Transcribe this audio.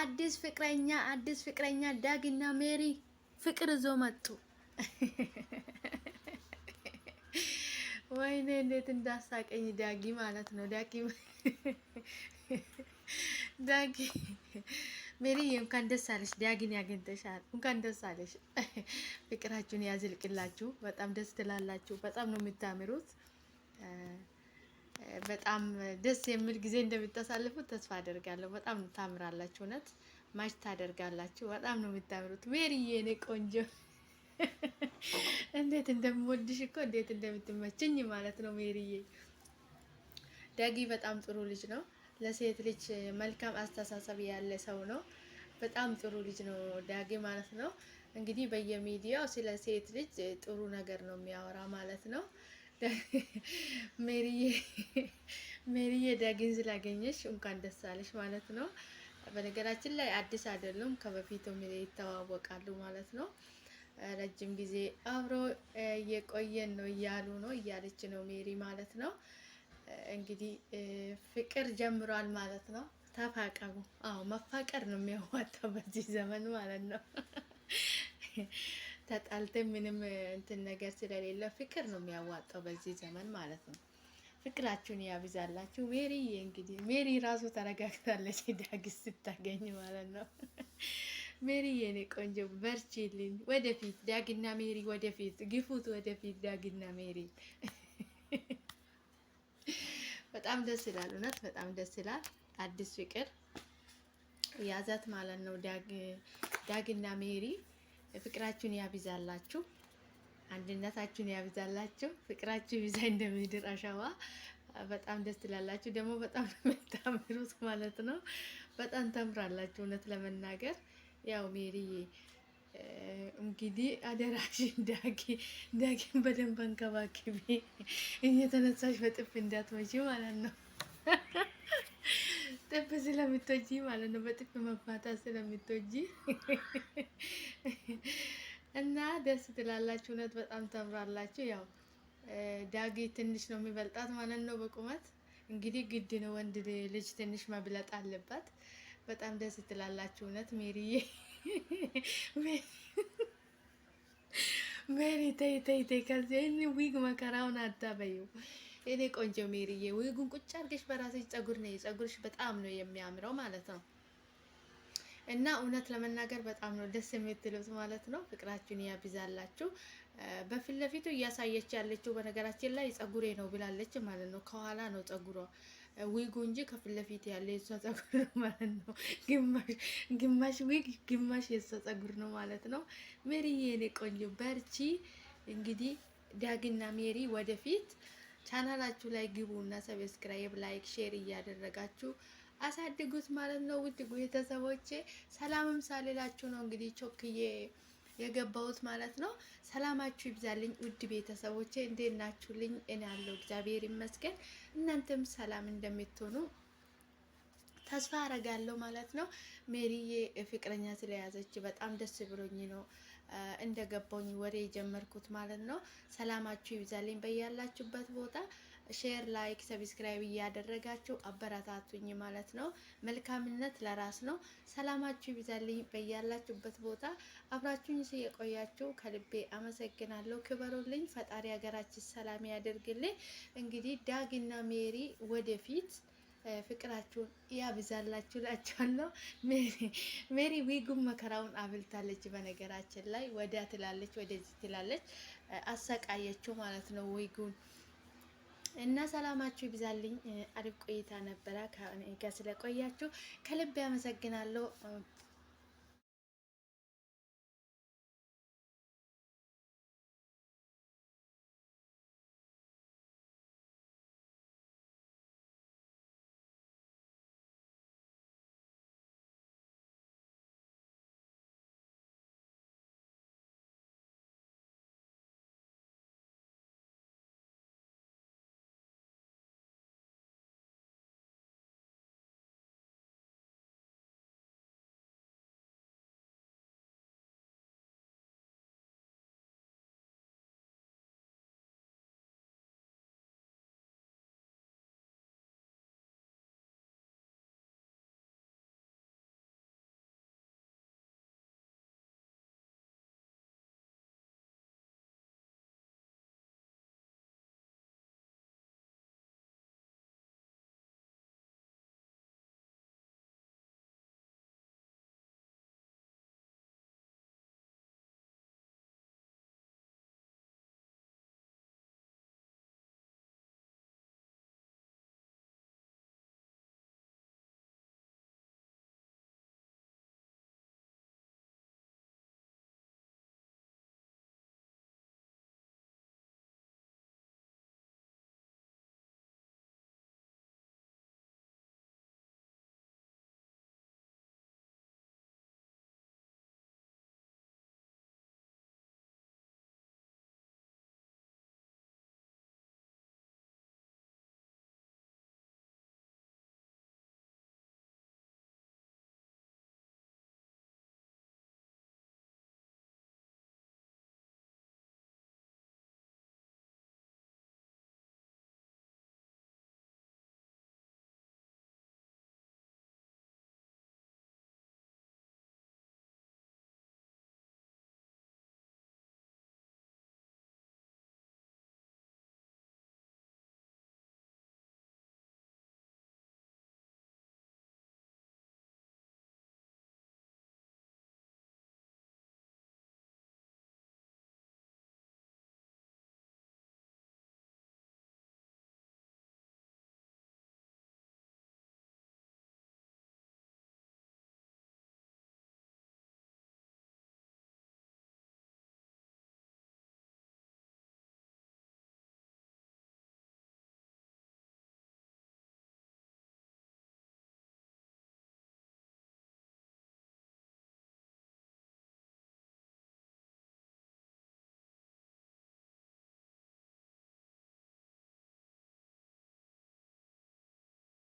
አዲስ ፍቅረኛ አዲስ ፍቅረኛ ዳግና ሜሪ ፍቅር ይዞ መጡ። ወይኔ እንዴት እንዳሳቀኝ ዳጊ ማለት ነው። ዳጊ ዳጊ ሜሪዬ እንኳን ደስ አለሽ። ዳጊን ያገኝተሻል። እንኳን ደስ አለሽ። ፍቅራችሁን ያዝልቅላችሁ። በጣም ደስ ትላላችሁ። በጣም ነው የምታምሩት። በጣም ደስ የሚል ጊዜ እንደምታሳልፉት ተስፋ አደርጋለሁ። በጣም ታምራላችሁ። እውነት ማች ታደርጋላችሁ። በጣም ነው የምታምሩት። ሜሪዬ የኔ ቆንጆ እንዴት እንደምወድሽ እኮ እንዴት እንደምትመችኝ ማለት ነው። ሜሪዬ ዳጊ በጣም ጥሩ ልጅ ነው። ለሴት ልጅ መልካም አስተሳሰብ ያለ ሰው ነው። በጣም ጥሩ ልጅ ነው ዳጊ ማለት ነው። እንግዲህ በየሚዲያው ስለ ሴት ልጅ ጥሩ ነገር ነው የሚያወራ ማለት ነው። ሜሪዬ ዳግን ስላገኘሽ እንኳን ደስ አለሽ ማለት ነው። በነገራችን ላይ አዲስ አይደሉም፣ ከበፊቱ ይተዋወቃሉ ማለት ነው። ረጅም ጊዜ አብሮ እየቆየን ነው እያሉ ነው እያለች ነው ሜሪ ማለት ነው። እንግዲህ ፍቅር ጀምሯል ማለት ነው። ተፋቀሩ። አዎ መፋቀር ነው የሚያዋጣው በዚህ ዘመን ማለት ነው። ተጣልተን ምንም እንትን ነገር ስለሌለ ፍቅር ነው የሚያዋጣው በዚህ ዘመን ማለት ነው። ፍቅራችሁን ያብዛላችሁ። ሜሪ እንግዲህ ሜሪ ራሱ ተረጋግታለች ዳግስ ስታገኝ ማለት ነው። ሜሪ የኔ ቆንጆ በርቺልኝ፣ ወደፊት ዳግና ሜሪ ወደፊት ግፉት፣ ወደፊት ዳግና ሜሪ። በጣም ደስ ይላል፣ እውነት በጣም ደስ ይላል። አዲስ ፍቅር ያዛት ማለት ነው ዳግና ሜሪ ፍቅራችሁን ያብዛላችሁ፣ አንድነታችሁን ያብዛላችሁ፣ ፍቅራችሁ ይብዛ እንደ ምድር አሸዋ። በጣም ደስ ትላላችሁ። ደግሞ በጣም የምታምሩት ማለት ነው። በጣም ተምራላችሁ። እውነት ለመናገር ያው ሜሪዬ እንግዲህ አደራሽ ዳጊ ዳጊን በደንብ አንከባክቢ፣ እየተነሳሽ በጥፍ እንዳትመጪ ማለት ነው። ጥፍ ስለምትወጂ ማለት ነው። በጥፍ መፋታት ስለምትወጂ እና ደስ ትላላችሁ። እውነት በጣም ተምራላችሁ። ያው ዳጊ ትንሽ ነው የሚበልጣት ማለት ነው በቁመት እንግዲህ ግድ ነው ወንድ ልጅ ትንሽ መብለጥ አለባት። በጣም ደስ ትላላችሁ እውነት ሜሪዬ። ሜሪ ተይ ተይ ተይ፣ ከዚህ ዊግ መከራውን አታበይው። የኔ ቆንጆ ሜሪዬ ዊጉን ቁጭ አድርገሽ በራስሽ ጸጉር ነው ጸጉርሽ በጣም ነው የሚያምረው ማለት ነው። እና እውነት ለመናገር በጣም ነው ደስ የምትሉት ማለት ነው። ፍቅራችሁን ያብዛላችሁ። በፊት ለፊቱ እያሳየች ያለችው በነገራችን ላይ ጸጉሬ ነው ብላለች ማለት ነው። ከኋላ ነው ጸጉሯ ዊጉ እንጂ ከፊት ለፊት ያለ የእሷ ጸጉር ነው ማለት ነው። ግማሽ ዊግ፣ ግማሽ የእሷ ጸጉር ነው ማለት ነው። ሜሪዬ የኔ ቆንጆ በርቺ። እንግዲህ ዳግና ሜሪ ወደፊት ቻናላችሁ ላይ ግቡ እና ሰብስክራይብ፣ ላይክ፣ ሼር እያደረጋችሁ አሳድጉት ማለት ነው። ውድ ቤተሰቦቼ ሰላምም ሳልላችሁ ነው እንግዲህ ቾክዬ የገባሁት ማለት ነው። ሰላማችሁ ይብዛልኝ ውድ ቤተሰቦቼ፣ እንዴት ናችሁልኝ? እኔ ያለው እግዚአብሔር ይመስገን፣ እናንተም ሰላም እንደምትሆኑ ተስፋ አረጋለሁ ማለት ነው። ሜሪዬ ፍቅረኛ ስለያዘች በጣም ደስ ብሎኝ ነው እንደገባኝ ወሬ የጀመርኩት ማለት ነው። ሰላማችሁ ይብዛልኝ በያላችሁበት ቦታ። ሼር፣ ላይክ፣ ሰብስክራይብ እያደረጋችሁ አበረታቱኝ ማለት ነው። መልካምነት ለራስ ነው። ሰላማችሁ ይብዛልኝ በያላችሁበት ቦታ። አብራችሁኝ የቆያችሁ ከልቤ አመሰግናለሁ። ክበሩልኝ። ፈጣሪ ሀገራችን ሰላም ያደርግልኝ። እንግዲህ ዳግና ሜሪ ወደፊት ፍቅራችሁን ያብዛላችሁ ላችኋለሁ። ሜሪ ዊጉም መከራውን አብልታለች። በነገራችን ላይ ወዲያ ትላለች፣ ወደዚህ ትላለች፣ አሰቃየችው ማለት ነው ዊጉን እና ሰላማችሁ ይብዛልኝ። አሪፍ ቆይታ ነበረ ስለቆያችሁ ከልብ ያመሰግናለሁ።